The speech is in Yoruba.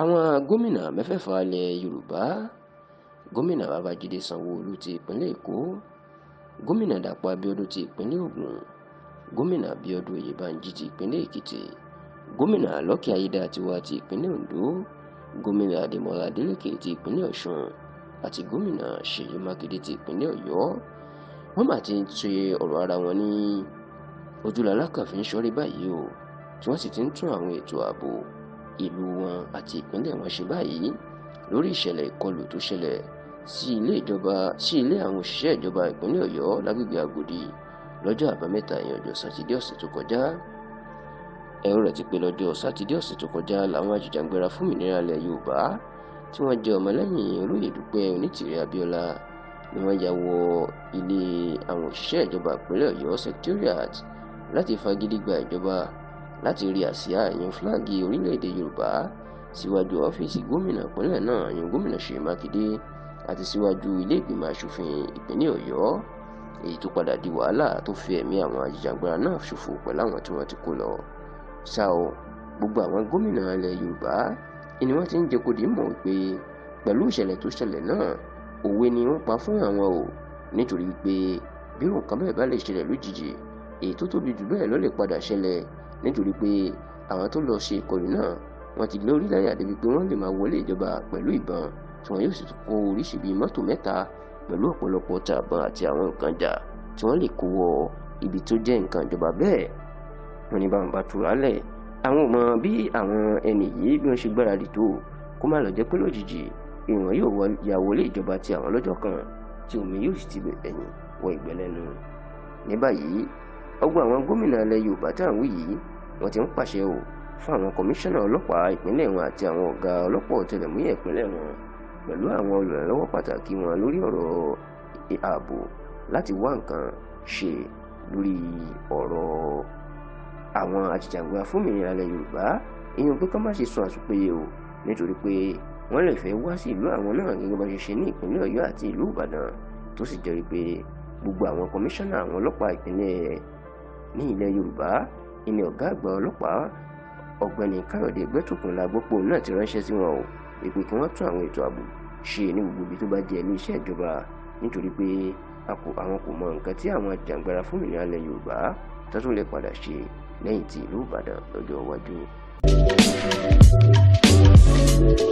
àwọn gómìnà mẹ́fẹ̀ẹ̀fà ilẹ̀ yorùbá gómìnà babájídé sanwó-olú ti ìpínlẹ̀ èkó gómìnà dàpọ̀ abíọ́dún ti ìpínlẹ̀ ògùn gómìnà abíọ́dún oyèbánjí ti ìpínlẹ̀ èkìtì gómìnà lọ́kì ayédátiwa ti ìpínlẹ̀ ondo gómìnà adémọlá adélèké ti ìpínlẹ̀ ọ̀ṣun àti gómìnà ṣèyí mákindé ti ìpínlẹ̀ ọ̀yọ́ wọ́n mà ti ṣe ọ̀rọ̀ ara wọn ní ojúlọ alákànfin ṣọ́rí báyìí o tí wọ́n sì ti ń tún àwọn ètò ààbò ìlú wọn àti ìpínlẹ̀ wọn ṣe báyìí lórí ìṣẹ̀lẹ̀ ìkọlù tó ṣẹlẹ̀ sí ilé ìjọba sí ilé àwọn òṣìṣẹ́ ìjọba ìpínlẹ̀ ọ̀yọ́ lágbègbè àgòdì lọ́jọ́ àbámẹ́ta ìyẹn ọjọ́ sátidé ọ̀sẹ̀ tó kọjá ẹ̀rọ rẹ̀ ti pé lọ́jọ́ sátidé ọ̀sẹ̀ tó kọjá làwọn ajìjàngbara fún ìnira ilẹ̀ yorùbá tí wọ́n jẹ́ ọmọlẹ́yìn olóyè dúpẹ́ onítìrí abíọ́lá ni wọ́n ya wọ ilé àwọn òṣìṣẹ́ ìjọba ìpínlẹ̀ ọ̀yọ́ secretariat láti fagídí ìjọba láti rí àsíá ẹ̀yìn fúláàgì orílẹ̀-èdè Yorùbá síwájú ọ́fíìsì gómìnà ìpínlẹ̀ náà ìyẹn gómìnà Ṣèyí Mákindé àti síwájú ilé ìgbìmọ̀ asòfin ìpínlẹ̀ Ọ̀yọ́ èyí tó padà di wàhálà tó fi ẹ̀mí àwọn ajìjàgbara náà ṣòfò pẹ̀lú àwọn tí wọ́n ti kó lọ. ṣá o gbogbo àwọn gómìnà ilẹ̀ Yorùbá ni wọ́n ti ń jẹ́ kó di mọ̀ pé pẹ̀lú ìṣẹ̀lẹ̀ tó ṣẹlẹ̀ náà òwe ni wọ́n pa fún àwọn o nítorí pé bí nǹkan bẹ́ẹ̀ bá lè ṣẹlẹ̀ lójijì èyí tó tóbi jù bẹ́ẹ̀ ló lè padà ṣẹlẹ̀ nítorí pé àwọn tó lọ ṣe ìkọlù náà wọ́n ti lórí láyà débi pé wọ́n lè máa wọlé ìjọba pẹ̀lú ìbọn tí wọ́n yóò sì kó oríṣi bíi mọ́tò mẹ́ta pẹ̀lú ọ̀pọ̀lọpọ̀ tààbọn àti àwọn nǹkan jà tí wọ́n lè kó wọ ibi tó jẹ́ nǹkan ìjọba bẹ́ẹ̀ wọ́n ní báwọn bá tura lẹ̀ àwọn ò bí àwọn ẹni yìí bí wọ́n ṣe gbáradì tó kó má lọ jẹ́ pé lójijì ìwọ̀n yóò ya wọlé ìjọba ti àwọn lọ́jọ́ kan tí omi yóò sì ti bẹ̀yìn wọ ìgbẹ́lẹ́nu ní báyìí ọgbọ àwọn gómìnà ilẹ̀ yorùbá tá à ń wí yìí wọ́n ti ń pàṣẹ o fún àwọn kọmíṣánná ọlọ́pàá ìpínlẹ̀ wọn àti àwọn ọ̀gá ọlọ́pàá ọ̀tẹlẹ̀múyẹ́ ìpínlẹ̀ wọn pẹ̀lú àwọn olùrànlọ́wọ́ pàtàkì wọn lórí ọ̀rọ̀ ààbò láti wá nǹkan ṣe lórí ọ̀rọ̀ àwọn àjìjàngbara fúnmìnira ilẹ̀ yorùbá èèyàn pé ká má ṣe sọ àsùpèyẹ o nítorí pé wọ́n lè fẹ́ wá sí ìlú àwọn náà gẹ́gẹ́ bá ṣe ṣe ní ìpínlẹ̀ ọ̀yọ́ àti ìlú ìbàdàn tó sì jẹ́ wípé gbogbo àwọn kọmíṣánná àwọn ọlọ́pàá ìpínlẹ̀ ní ilẹ̀ yorùbá ìní ọ̀gá àgbà ọlọ́pàá ọ̀gbẹ́ni káyọ̀dé ẹgbẹ́tòkun la gbọ́ pé òun náà ti ránṣẹ́ sí wọn o èpè kí wọ́n tún àwọn ètò ààbò ṣe ní gbogbo ibi tó bá jẹ́ ilé iṣẹ́ ìjọba nítorí pé àwọn kò mọ nǹkan tí àwọn àjàǹgbara fún ìrìnà ilẹ̀ yorùbá tó lè padà ṣe lẹ́yìn tí ìlú ìbàdàn lọ́jọ́ iwájú. thank you